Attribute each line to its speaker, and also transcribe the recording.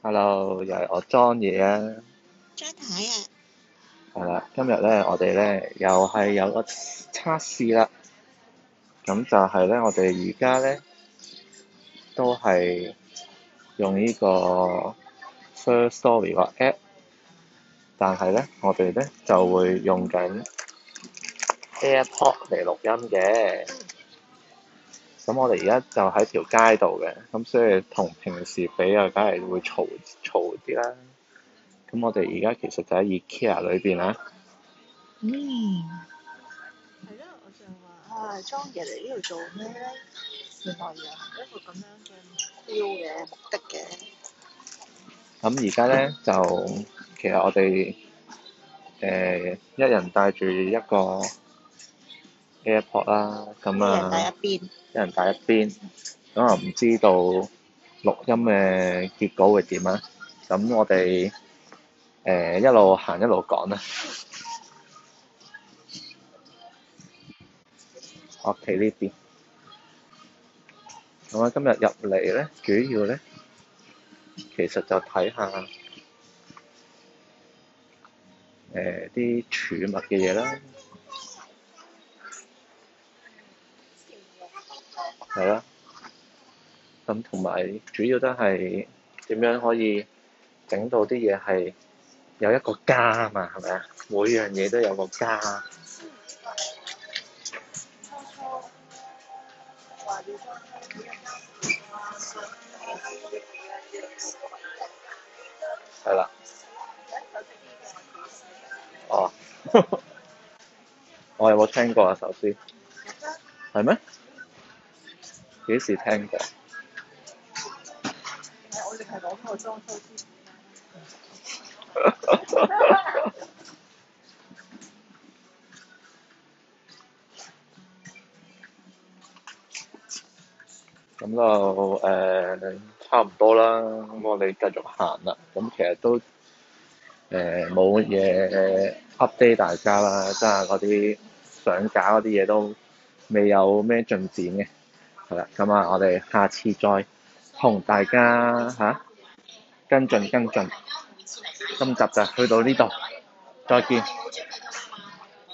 Speaker 1: Hello，又係我莊嘢啊，莊太啊，係啦，今日咧我哋咧又係有個測試啦，咁就係咧我哋而家咧都係用呢個 First Story 個 App，但係咧我哋咧就會用緊 AirPod 嚟錄音嘅。咁我哋而家就喺條街度嘅，咁所以同平時比啊，梗係會嘈嘈啲啦。咁我哋而家其實就喺 IKEA 裏邊啦。嗯。係咯，我就話啊，莊爺嚟呢度做咩咧？原來有一個咁樣嘅標嘅目的嘅。咁而家咧就其實我哋誒、呃、一人帶住一個。A，pop 啦，咁啊，一人帶一邊，咁啊唔知道錄音嘅結果會點啊？咁我哋誒一路行一路講啦。我企呢邊，咁啊今日入嚟咧，主要咧，其實就睇下誒啲儲物嘅嘢啦。係啦，咁同埋主要都係點樣可以整到啲嘢係有一個家啊嘛，係咪啊？每樣嘢都有個家。係啦。哦，我有冇聽過啊首先？係咩？幾時聽過？我哋係講開裝修先。咁就誒差唔多啦。咁我哋繼續行啦。咁其實都誒冇乜嘢 update 大家啦，即係嗰啲想搞嗰啲嘢都未有咩進展嘅。好啦，咁啊，我哋下次再同大家吓、啊、跟進跟進，今集就去到呢度，再見。